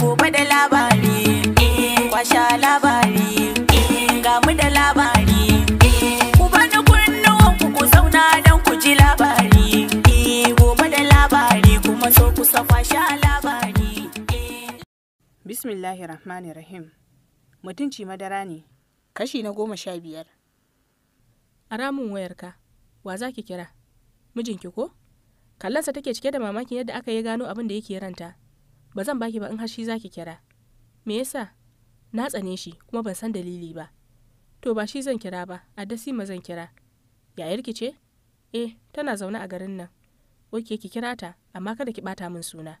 gobe da labari eh, kwasha labari eh, ga mu da labari eh, ku bani kunnuwan ku ku zauna don ku ji labari gobe da labari kuma so ku kwasha labari bismillahir rahmanir rahim mutunci madara ne kashi na goma sha biyar a ramin wayarka wa za ki kira mijinki ko kallansa take cike da mamakin yadda aka yi gano abin da yake ranta ba zan baki ba in hashi zaki kira me yasa na tsane shi kuma ban san dalili ba to ba shi zan kira ba a ma zan kira Ya yarki ce eh tana zaune a garin nan oke ki kira ta amma kada ki bata min suna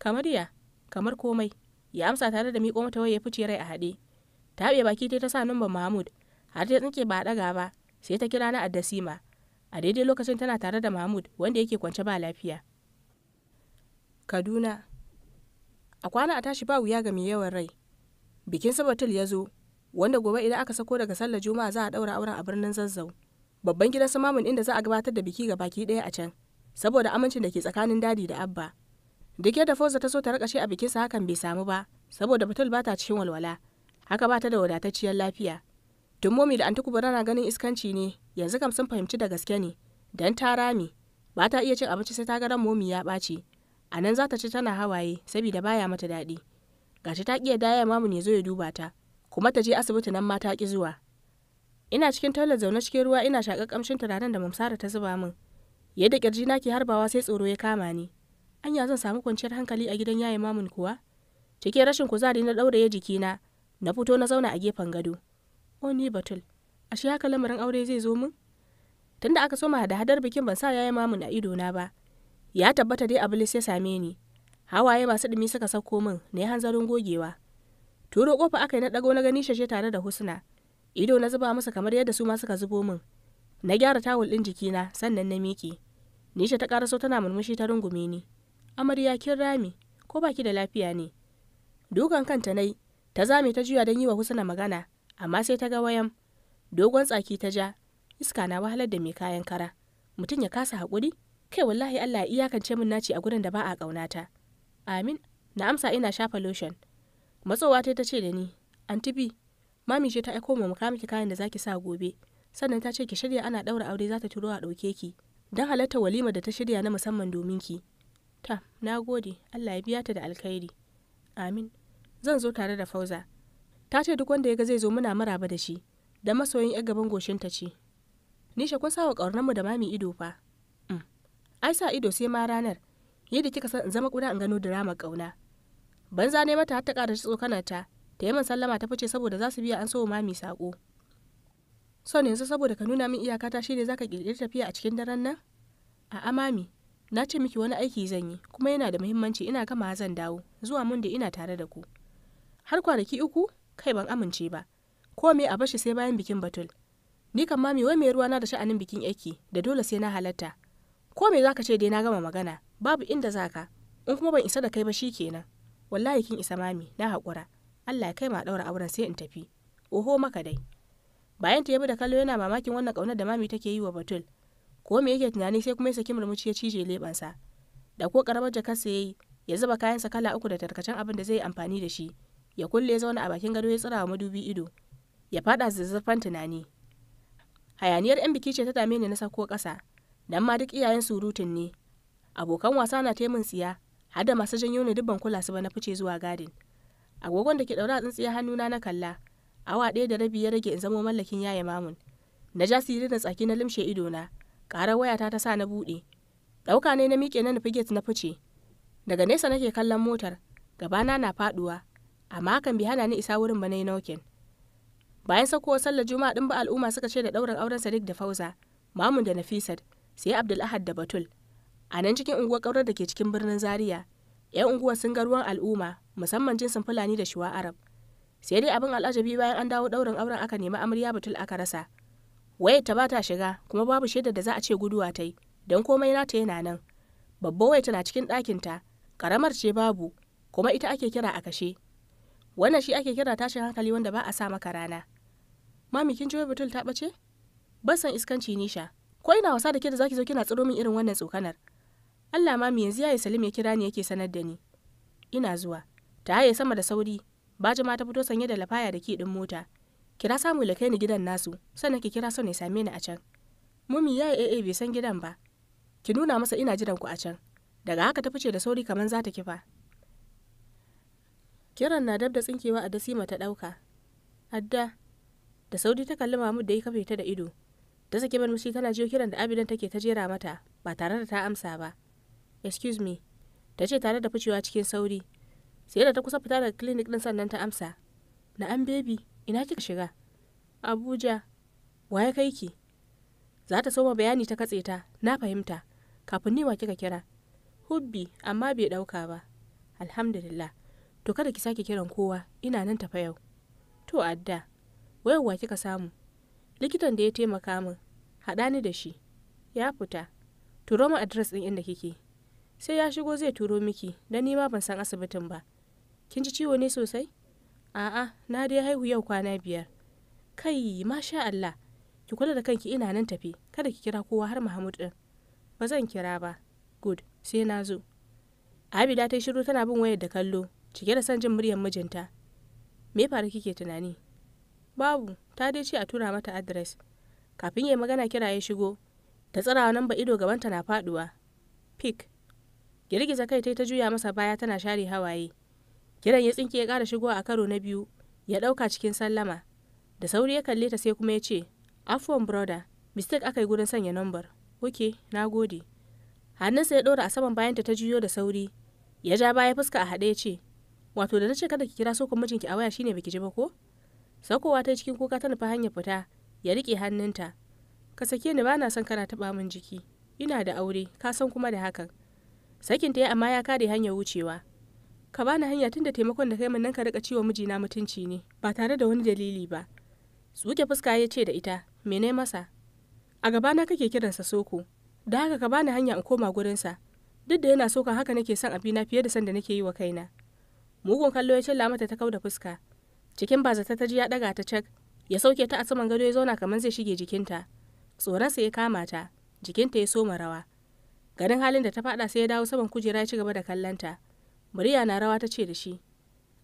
kamar ya kamar komai ya amsa tare da miƙo mata waye fice rai a haɗe ta haɓe baki ta sa numban mahmud har ta tsinke ba ɗaga ba sai ta kira na addasima a daidai lokacin tana tare da mahmud wanda yake kwance ba lafiya kaduna a kwana a tashi ba wuya ga mai yawan rai bikin sabatul ya zo wanda gobe idan aka sako daga sallar juma'a za a daura auren a birnin zazzau babban gidan samamun inda za a gabatar da biki ga baki ɗaya a can saboda amincin da ke tsakanin dadi da abba duk yadda fosa ta so ta rakashe a bikinsa hakan bai samu ba saboda batul ba ta cikin walwala haka ba ta da wadatacciyar lafiya tun momi da antuku na ganin iskanci ne yanzu kam sun fahimci da gaske ne don ta rami ba ta iya cin abinci sai ta ga ran momi ya ɓaci a nan za ta ci tana hawaye saboda baya mata daɗi gashi ta kiya daya mamu ne zo ya duba ta kuma ta je asibiti nan ma ta ki zuwa ina cikin tallar zaune cikin ruwa ina shakar kamshin tunanin da mamsara ta zuba min yadda kirji na ke harbawa sai tsoro ya kama ni anya zan samu kwanciyar hankali a gidan yaye mamun kuwa cikin rashin kuzari na ɗauraye jikina na fito na zauna a gefen gado o ni batul ashe haka lamarin aure zai zo min tunda aka soma hada hadar bikin ban sa yaye mamun a idona ba Ya tabbata dai Ablis ya same ni. Hawaye masu ɗumi suka sauko min, na hanzarin gogewa. Turo kofa aka yi na ɗago na gani shashe tare da Husna. Ido na zuba musu kamar yadda su ma suka zubo min. Na gyara tawul din jikina, sannan na miƙe. Nisha ta karaso tana murmushi ta rungume ni. Amarya kin rami, ko baki da lafiya ne? Dukan kanta nai, ta zame ta juya don yi wa Husna magana, amma sai ta ga wayan. Dogon tsaki ta ja, iska na wahalar da mai kayan kara. Mutum ya kasa haƙuri? kai wallahi Allah iyakance min naci a gurin da ba a ta amin na amsa ina shafa lotion matsowa ta ta ce da ni anti bi mami ce ta aiko mu muka miki kayan da zaki sa gobe sannan ta ce ki shirya ana daura aure za ta turo a dauke ki don halarta walima da ta shirya na musamman domin ki ta na gode Allah ya biya ta da alkhairi amin zan zo tare da fauza ta ce duk wanda ya ga zai zo muna maraba da shi da masoyin 'yan gaban goshin ta ce nisha kun sawa mu da mami ido fa ai sa ido sai ma ranar yadda kika san in zama kuda in gano drama kauna banza ne mata har ta ƙara tsokanar ta ta yi min sallama ta fice saboda za su biya an so mami sako son yanzu saboda ka nuna min iyakata shine zaka kirkiri tafiya a cikin daren nan a'a mami na ce miki wani aiki zan yi kuma yana da muhimmanci ina gama zan dawo zuwa mun da ina tare da ku har kwanaki uku kai ban amince ba ko me a bashi sai bayan bikin batul ni kan mami wai mai ruwana da sha'anin bikin aiki, da dole sai na halatta ko me zaka ce dai na gama magana babu inda zaka in kuma ban isa da kai ba shi kenan wallahi kin isa mami na hakura Allah ya kai ma daura auren sai in tafi oho maka dai bayan ta yabi da kallo yana mamakin wannan kaunar da mami take yi wa Batul ko me yake tunani sai kuma ya saki murmushi ya cije lebansa da ko karamar jakar sa yayi ya zuba kayansa kala uku da tarkacen abin da zai amfani da shi ya kulle zauna a bakin gado ya tsira wa madubi ido ya fada zazzafan tunani hayaniyar yan biki ce ta dame ni na sako ƙasa dan ma duk iyayen surutun ne abokan wasa na temun tsiya har da masu janyo ne dubban kula su ba na fice zuwa gadin agogon da ke daura tsintsiya hannuna na kalla awa ɗaya da rabi ya rage in zamo mallakin yaya mamun na ja na tsaki na limshe na ƙarar waya ta sa na buɗe ɗauka ne na miƙe na nufi get na fice daga nesa nake kallon motar gabana na faɗuwa amma hakan bai hana ni isa wurin ba na yi nokin bayan sakowar sallar juma'a ɗin ba al'umma suka ce da ɗaurin auren sadiq da fauza mamun da nafisat sai Abdulahad da Batul. A nan cikin unguwar ƙaurar da ke cikin birnin Zaria, 'yan unguwar sun ga ruwan al'umma musamman jinsin Fulani da shuwa Arab. Sai dai abin al'ajabi bayan an dawo ɗaurin auren aka nemi amarya Batul aka rasa. Wayar ta ba ta shiga kuma babu shaidar da za a ce guduwa ta yi don komai nata yana nan. Babba wayar tana cikin ɗakin ta Karamar ce babu kuma ita ake kira a kashe. Wannan shi ake kira tashin hankali wanda ba a sa maka rana. Mami kin ji Batul ta ɓace? Basan iskanci nisha. ko ina wasa da ke da zaki zo kina tsiro min irin wannan tsokanar Allah ma yanzu yayi Salim ya kira ni yake sanar da ni ina zuwa ta haye sama da sauri baji ma ta fito sanye da lafaya da ki din mota kira samu kai ni gidan nasu sannan ki kira sau ya same ni a can mumi yayi AA bai san gidan ba ki nuna masa ina jiran ku a can daga haka ta fice da sauri kamar za ta kifa kiran na dab da tsinkewa a dasima ta dauka adda da sauri ta kalli mamud da ya kafe ta da ido ta saki murmushi tana jiyo kiran da abidan take ta jera mata ba tare da ta amsa ba excuse me ta ce tare da ficewa cikin sauri sai da ta kusa fita daga clinic din sannan ta amsa na'am baby ina kika shiga abuja waye kai ki za ta soma bayani ta katse ta na fahimta kafin ni wa kika kira hubbi amma bai dauka ba alhamdulillah to kada ki sake kiran kowa ina nan tafa yau to adda wa kika samu likitan da ya taimaka min haɗa ni da shi ya fita turo mu adres ɗin inda kike sai ya shigo zai turo miki dan ni ma ban san asibitin ba kin ji ciwo ne sosai a'a na dai haihu yau kwana biyar kai masha Allah ki kula da kanki ina nan tafi kada ki kira kowa har Mahmud ɗin. ba zan kira ba good sai na zo Abida ta shiru tana bin wayar da kallo cike da son jin muryar mijinta me faru kike tunani babu ta dai ce a tura mata adres kafin ya magana kira ya shigo ta tsarawa nan ba ido gabanta na faduwa pik girgiza kai ta juya masa baya tana share hawaye kiran ya tsinke ya kara shigo a karo na biyu ya dauka cikin sallama da sauri ya kalle ta sai kuma ya ce afuwan broda mistake aka gurin sanya number. oke na gode hannunsa ya ɗora a saman bayanta ta juyo da sauri ya ja baya fuska a hade ya ce wato da na ce kada ki kira sokon mijinki a waya shine baki ji ba ko sakowa ta cikin kuka ta nufa hanyar fita ya riƙe hannunta ka sake ni bana son kana taɓa min jiki ina da aure ka san kuma da hakan sakin ta ya amma ya kare hanyar wucewa ka bani hanya tunda taimakon da kai min nan ka rika ciwo mijina mutunci ne ba tare da wani dalili ba tsuke fuska ya ce da ita me mene masa a gabana kake kiransa soko da haka ka bani hanya in koma gurinsa duk da yana sokan haka nake son abina fiye da sanda da nake yi wa kaina mugun kallo ya cilla mata ta kau fuska cikin bazata ta ji ya daga ta cak ya sauke ta a saman gado ya zauna kamar zai shige jikinta tsoronsa ya kama ta jikinta ya soma rawa garin halin da ta fada sai ya dawo saman kujera ya ci gaba da kallonta murya na rawa ta ce da shi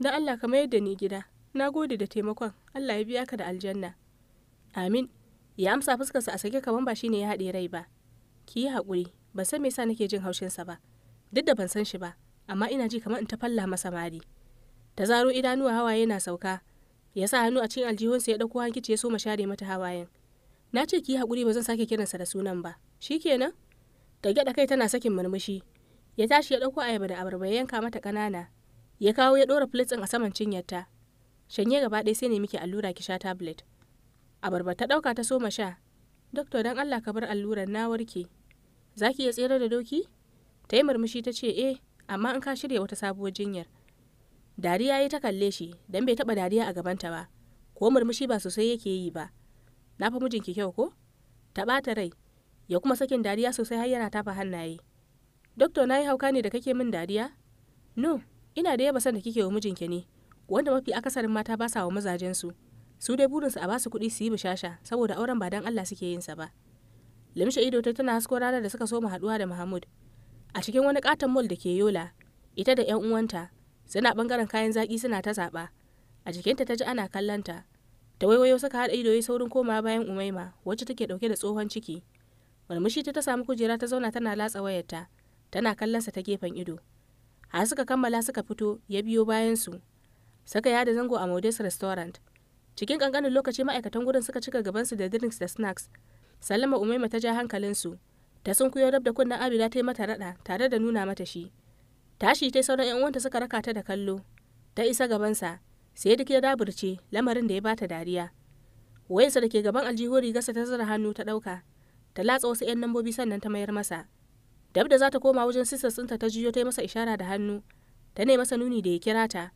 don allah ka mayar da ni gida na gode da taimakon allah ya biya ka da aljanna amin ya amsa fuskarsa a sake kamar ba shine ya haɗe rai ba ki yi hakuri. ban san me yasa nake jin haushinsa ba duk da ban san shi ba amma ina ji kamar in ta falla masa mari ta zaro idanuwa hawaye na sauka ya sa hannu a cikin aljihunsa ya ɗauko hankici ya so ma share mata hawayen na ce ki haƙuri ba zan sake kiransa da sunan ba shikenan da gyaɗa kai tana sakin murmushi ya tashi ya ɗauko ayaba da abarba ya yanka mata ƙanana ya kawo ya ɗora plate din a saman cinyarta shanye gaba ɗaya sai ne miki allura ki sha tablet abarba ta ɗauka ta soma sha doktor don allah ka bar allurar na warke Zaki ya iya tsere da doki ta yi murmushi ta ce eh amma in ka shirya wata sabuwar jinyar Dariya ya ta kalle shi don bai taɓa dariya a gabanta ba, ko murmushi ba sosai yake yi ba. Na fi mijinki kyau ko? Ta ɓata rai, ya kuma sakin dariya sosai har yana tafa hannaye. Doktor na yi hauka ne da kake min dariya? No, ina da yaba san da kike wa mijinki ne, wanda mafi akasarin mata ba sa wa mazajen Su Su dai burin su a basu su kuɗi su yi bishasha saboda auren ba dan Allah suke yin sa ba. Limshe ido ta tana hasko ranar da suka so mu haduwa da Mahmud. A cikin wani katon mall da ke Yola, ita da 'yan uwanta suna bangaren kayan zaki suna ta zaɓa a jikinta ta ji ana kallonta ta waiwayo saka haɗa ido saurin koma bayan umaima wacce take dauke da tsohon ciki murmushi ta ta samu kujera ta zauna tana latsa wayarta tana kallonsa ta gefen ido har suka kammala suka fito ya biyo bayansu saka yada zango a modes restaurant cikin kankanin lokaci ma'aikatan gurin suka cika gabansu da drinks da snacks sallama umaima ta ja hankalinsu ta sun kuyo rab da kunnen abida ta yi mata raɗa tare da nuna mata shi tashi ta sauran yan uwanta suka raka ta da kallo ta isa gabansa sai duk ya daburce lamarin da ya bata dariya wayarsa da ke gaban aljihori rigarsa ta zura hannu ta ɗauka ta latsa wasu 'yan nambobi sannan ta mayar masa dab da za ta koma wajen sisar ɗinta ta jiyo ta yi masa ishara da hannu ta ne masa nuni da ya kira ta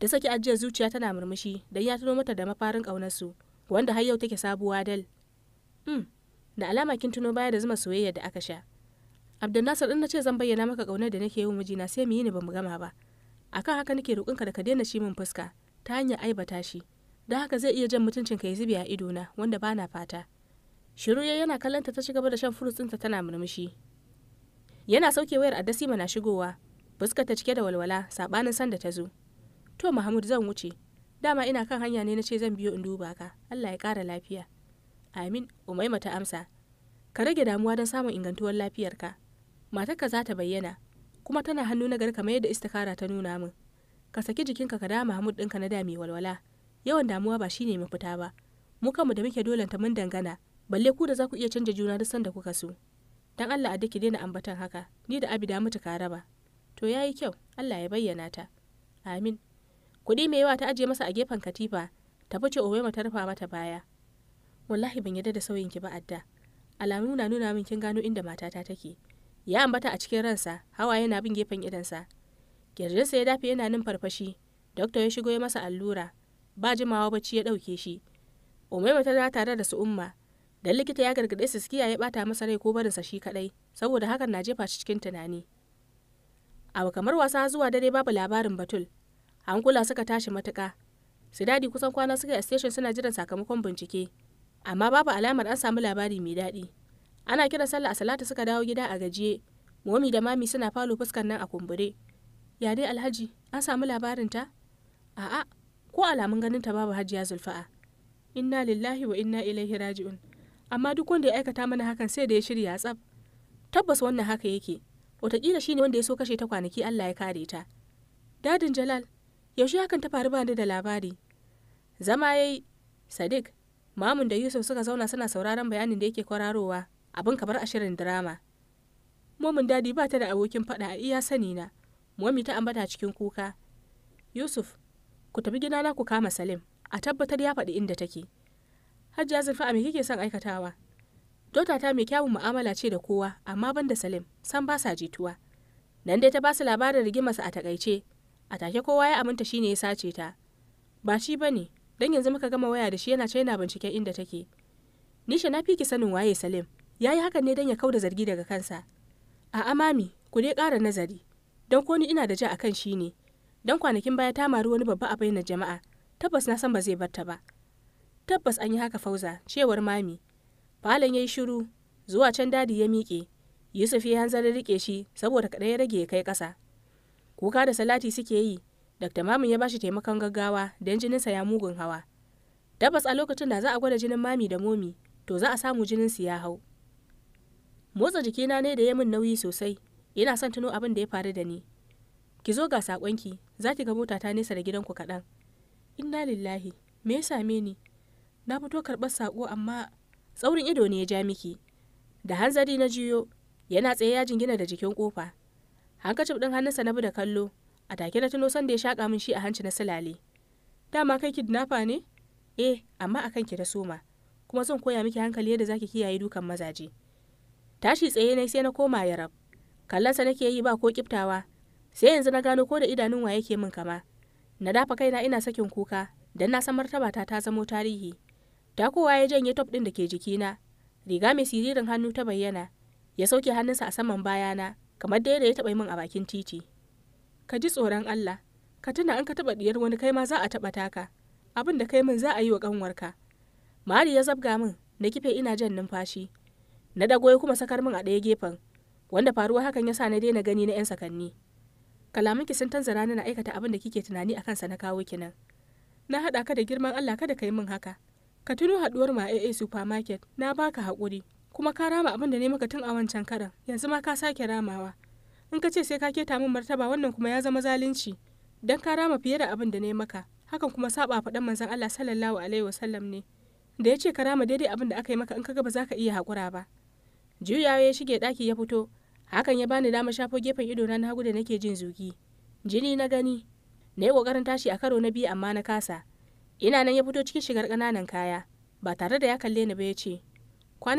ta saki ajiyar zuciya tana murmushi don ya tuno mata da mafarin ƙaunarsu wanda har yau take sabuwa dal hmm da alama kin tuno baya da zuma soyayya da aka sha abdulnasar in na ce zan bayyana maka kaunar da nake yi wa mijina sai mu yi ni bamu gama ba akan haka nake ka da ka daina shi min fuska ta hanyar aibata shi don haka zai iya jan mutuncin ka ya zubi a na wanda ba na fata shiru yana kallonta ta ci gaba da shan furutsinta tana murmushi yana sauke wayar a dasima na shigowa fuskar ta cike da walwala sabanin sanda ta zo to mahmud zan wuce dama ina kan hanya ne na ce zan biyo in duba ka allah ya ƙara lafiya amin umaima ta amsa ka rage damuwa don samun ingantuwar lafiyarka matarka za ta bayyana kuma tana hannu na gari kamar yadda istikara ta nuna min ka saki jikinka ka dama mahmud ɗinka na da walwala yawan damuwa ba shine mafita ba mu kanmu da muke dolanta mun dangana balle ku da za ku iya canja juna duk sanda kuka so dan Allah a dake daina ambatan haka ni da abi da mutu ka raba to yayi kyau Allah ya bayyana ta amin kuɗi mai yawa ta ajiye masa a gefen katifa ta fice mu ta rufa mata baya wallahi ban yadda da sauyin ki ba adda alamu na nuna min kin gano inda matata take ya ambata a cikin ransa hawa yana bin gefen idansa kirjinsa ya dafe yana nin farfashi dokta ya shigo ya masa allura ba jimawa bacci ya ɗauke shi umaima ta tare da su umma dan likita ya gargaɗe su Sukiya ya bata masa rai ko sa shi kaɗai saboda hakan na jefa shi cikin tunani abu kamar wasa zuwa dare babu labarin batul hankula suka tashi matuka su dadi kusan kwana suka a station suna jiran sakamakon bincike amma babu alamar an samu labari mai daɗi ana kiran sallah a salatu suka dawo gida a gajiye momi da mami suna falo fuskar nan a kumbure ya dai alhaji an samu labarin ta. a'a ko alamun ganin ta babu hajiya zulfa'a inna lillahi wa inna ilaihi raji'un amma duk wanda ya aikata mana hakan sai da ya shirya tsaf tabbas wannan haka yake wataƙila shine wanda ya so kashe ta kwanaki Allah ya kare ta dadin jalal yaushe hakan ta faru bani da labari zama yayi sadiq mamun da yusuf suka zauna suna sauraron bayanin da yake kwararowa abin kamar a shirin drama momin dadi ba ta da abokin faɗa a iya sani na momi ta ambata cikin kuka yusuf ku tafi na ku kama salim a tabbatar ya faɗi inda take hajji zurfa a me kike son aikatawa dota ta mai kyawun mu'amala ce da kowa amma ban da salim san ba sa jituwa nan dai ta ba su labarin rigimarsa a takaice a take kowa ya aminta ne ya sace ta ba shi ba ne, don yanzu muka gama waya da shi yana ce yana binciken inda take nisha na fi ki sanin waye salim ya yi hakan ne don ya kau da zargi daga kansa a'a mami ku dai ƙara nazari don ko ni ina da ja a kan shi ne don kwanakin baya ta mari wani babba a bainar jama'a tabbas na san ba zai bar ta ba tabbas an yi haka fauza cewar mami falon ya yi shiru zuwa can dadi ya miƙe yusuf ya hanzarin riƙe shi saboda kaɗai ya rage ya kai ƙasa kuka da salati suke yi dr mamin ya bashi taimakon gaggawa don jininsa ya mugun hawa tabbas a lokacin da za a gwada jinin mami da momi to za a samu jininsu ya hau motsa jikina ne da ya min nauyi sosai ina son tuno abin da ya faru da ni ki zo ga sakonki za ki ga mota ta nesa da gidanku kaɗan inna lillahi me ya same ni na fito karɓar sako amma tsaurin ido ne ya ja miki da hanzari na jiyo yana tsaye ya jingina da jikin kofa hankacin ɗin hannunsa na bi da kallo a take na tuno sanda ya shaƙa min shi a hanci na silale dama kai ki dinafa ne eh amma akan ki da soma kuma zan koya miki hankali yadda ki kiyaye dukan mazaje tashi tsaye ne sai na koma yarab kallansa nake yi ba ko kiftawa sai yanzu na gano ko da idanun wa yake min kama na dafa kaina ina sakin kuka dan na san martabata ta zamo tarihi takowa ya janye top din da ke jikina riga mai siririn hannu ta bayyana ya sauke hannunsa a saman bayana kamar da ya taɓa min a bakin titi ka ji tsoron Allah ka tuna an ka taɓa diyar wani kai ma za a taɓa taka abin da kai min za a yi wa ƙanwarka mari ya zabga min na kife ina jan numfashi na dago ya kuma sakar min a ɗaya gefen wanda faruwa hakan ya sa na daina gani na 'yan sakanni ki sun tanzara na aikata abin da kike tunani a kansa na kawo ki nan na haɗa ka da girman Allah kada ka yi min haka ka tuno haɗuwar ma AA supermarket na baka haƙuri kuma ka rama abin da ne maka tun a wancan karan yanzu ma ka sake ramawa in ka ce sai ka keta min martaba wannan kuma ya zama zalunci dan ka rama fiye da abin da ne maka hakan kuma saba faɗan manzon Allah sallallahu alaihi wasallam ne da ya ce ka rama daidai abin da aka yi maka in ka ga ba za ka iya haƙura ba juyawa ya shige ɗaki ya fito hakan ya bani dama shafo gefen ido na hagu da nake jin zugi jini na gani na yi ƙoƙarin tashi a karo na biyu amma na kasa ina nan ya fito cikin shigar ƙananan kaya ba tare da ya kalle ni ba ya ce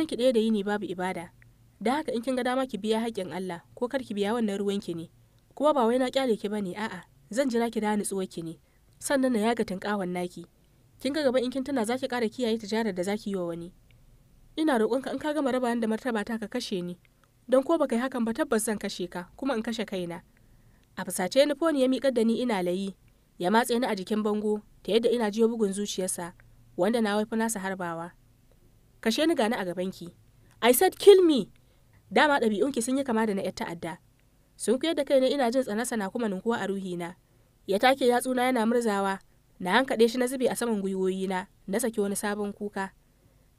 ki ɗaya da yini babu ibada da haka in kin ga dama ki biya haƙƙin Allah ko kar ki biya wannan ruwan ki ne kuma ba wai na kyale ki bane a'a zan jira ki da nutsuwar ki ne sannan na yaga tinƙawan naki kin ga gaba in kin tana zaki ƙara kiyaye tijarar da zaki yi wa wani ina roƙonka in ka gama raba da martaba ta ka kashe ni don ko baka yi hakan ba tabbas zan kashe ka kuma in kashe kaina a fusace ni foni ya miƙar da ni ina layi ya matse ni a jikin bango ta yadda ina jiyo bugun zuciyarsa wanda na waifi nasa harbawa kashe ni gani a gabanki i said kill me dama ɗabi'unki sun yi kama da na 'yar ta'adda sun kuyar da ne ina jin tsana sana kuma ninkuwa a na ya take yatsuna yana murzawa na hankaɗe shi na zube a saman gwiwoyina na saki wani sabon kuka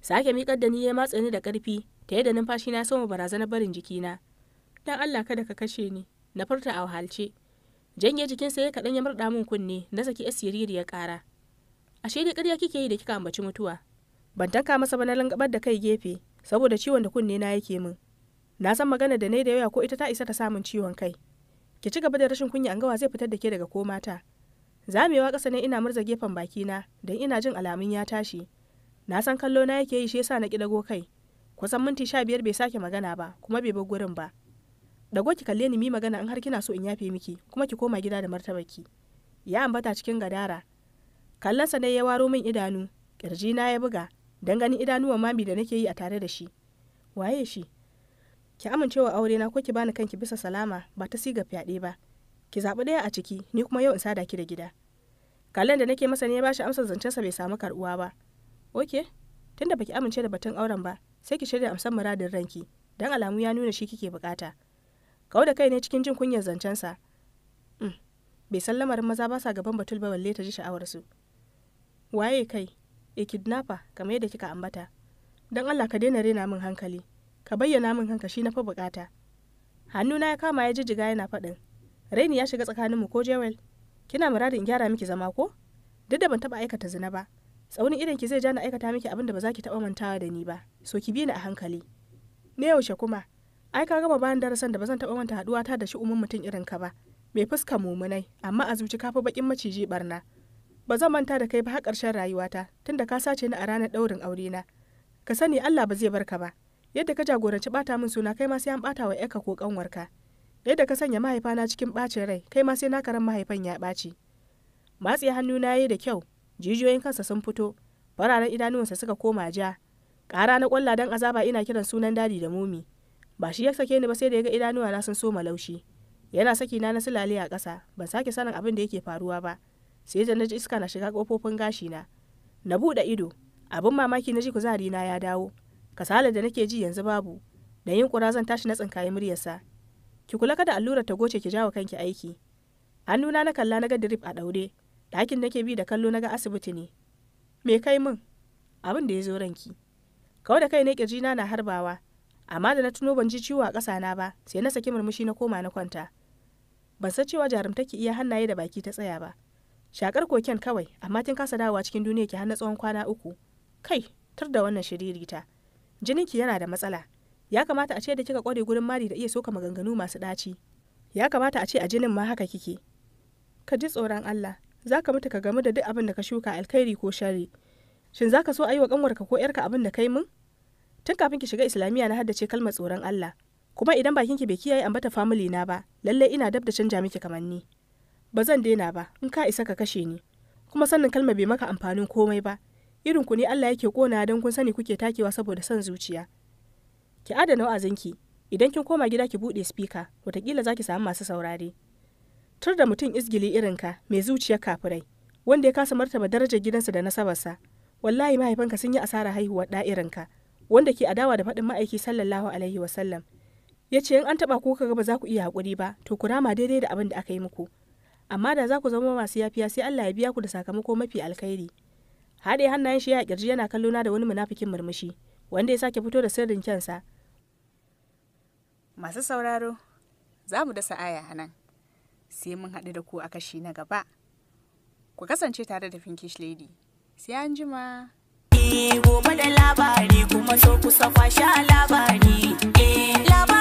sake miƙar da ni ya matsa ni da ƙarfi ta yadda numfashi na soma barazanar barin jikina dan Allah kada ka kashe ni na furta a wahalce janye jikinsa ya kaɗan ya murɗa min kunne na saki asiriri ya ƙara ashe dai ƙarya kike yi da kika ambaci mutuwa ban tanka masa ba na langabar da kai gefe saboda ciwon da kunne na yake min na san magana da nai da yawa ko ita ta isa ta samun ciwon kai ki ci gaba da rashin kunya an gawa zai fitar da ke daga komata zamewa ƙasa ne ina murza gefen bakina don ina jin alamun ya tashi na san kallo na yake yi shi yasa na ki dago kai kusan minti sha biyar bai sake magana ba kuma bai bar gurin ba dago ki kalle ni mi magana in har kina so in yafe miki kuma ki koma gida da martabaki. ya ambata cikin gadara Kallon sa ne ya waro min idanu kirji na ya buga dan ganin idanuwan mami da nake yi a tare da shi waye shi ki amincewa aure na ko ki bani kanki bisa salama ba ta siga fyaɗe ba ki zaɓi ɗaya a ciki ni kuma yau in sada ki da gida kallon da nake masa ne ya bashi amsar zancensa bai samu karɓuwa ba oke tunda baki amince da batun auren ba sai ki shirya amsan muradin ranki dan alamu ya nuna shi kike bukata kawo da kai ne cikin jin kunyar zancensa sa mm, bai san lamarin maza ba sa gaban batul ba balle ta ji sha'awarsu waye kai e kidnapper kamar yadda kika ambata dan Allah ka daina rena min hankali ka bayyana min kanka shi na fa bukata hannuna ya kama ya jijjiga yana faɗin raini ya shiga tsakaninmu ko jewel kina muradin gyara miki zama ko duk da ban taɓa aikata zina ba tsaunin idan ki zai ja na aikata miki abin da ba za ki taɓa mantawa da ni ba so ki bi ni a hankali ne yaushe kuma ai ka gama bayan darasan da ba zan taɓa manta haɗuwa ta da shi umun mutum irin ka ba mai fuska mumunai amma a zuci kafa bakin maciji barna ba zan manta da kai ba har ƙarshen rayuwata tunda ka sace ni a ranar ɗaurin na. ka sani Allah ba zai bar ka ba yadda ka jagoranci bata min suna kai ma sai an bata wa ƴaka ko ƙanwarka. yadda ka sanya mahaifana cikin bacin rai kai ma sai na karan mahaifan ya ɓaci matsi hannu na yi da kyau jijiyoyin kansa sun fito fararen idanuwansa suka koma ja ƙara na ƙwalla don azaba ina kiran sunan dadi da mumi. ba shi ya sake ni ba sai da ya ga idanuwa na sun soma laushi yana saki na na sulale a ƙasa ban sake sanin abin da yake faruwa ba sai da na ji iska na shiga ƙofofin gashi na na buɗe ido abin mamaki na ji kuzari na ya dawo kasalar da nake ji yanzu babu da yin ƙura zan tashi na tsinkaye muryarsa ki kula kada allurar ta goce ki jawo kanki aiki hannuna na kalla na ga drip a ɗaure ɗakin nake bi da kallo na asibiti ne me kai min abin da ya zo ranki kawai da kai ne kirjina na na harbawa amma da na tuno ban ji ciwo a ƙasa na ba sai na saki murmushi na koma na kwanta ban san cewa ki iya hannaye da baki ta tsaya ba shakar koken kawai amma kin kasa dawowa cikin duniya ki har na tsawon kwana uku kai tur da wannan shiririta ki yana da matsala ya kamata a ce da kika kware gurin mari da iya soka maganganu masu ɗaci ya kamata a ce a jinin ma haka kike ka ji tsoron Allah za ka mutu ka gamu da duk abin da ka shuka alkhairi ko shari shin za ka so a yi wa ka ko yarka abin da kai mun tun kafin ki shiga islamiyya na haddace kalmar tsoron Allah kuma idan bakin ki bai kiyaye ambata family na ba lallai ina dab da canja miki kamanni ba zan daina ba in ka isa ka kashe ni kuma sannan kalmar bai maka amfanin komai ba irin ku ne Allah yake kona don kun sani kuke takewa saboda son zuciya ki adana wa'azinki idan kin koma gida ki bude speaker watakila ki samu masu saurare tur da mutum izgili irinka mai zuciyar kafirai wanda ya kasa martaba darajar gidansa da nasabarsa wallahi mahaifanka sun yi asara haihuwar da irinka wanda ke adawa da faɗin ma'aiki sallallahu alaihi wasallam ya ce in an taɓa ku kaga ba za ku iya haƙuri ba to ku rama daidai da abin da aka yi muku amma da za ku zama masu yafiya sai Allah ya biya ku da sakamako mafi alkhairi haɗe hannayen shi ya kirji yana kallona da wani munafikin murmushi wanda ya sake fito da sirrin kyansa masu sauraro za mu dasa aya nan sai mun haɗu da ku a kashi na gaba. Ku kasance tare da Pinkish Lady. Sai an jima. Eh, gobe da labari kuma so kusa Eh, labari.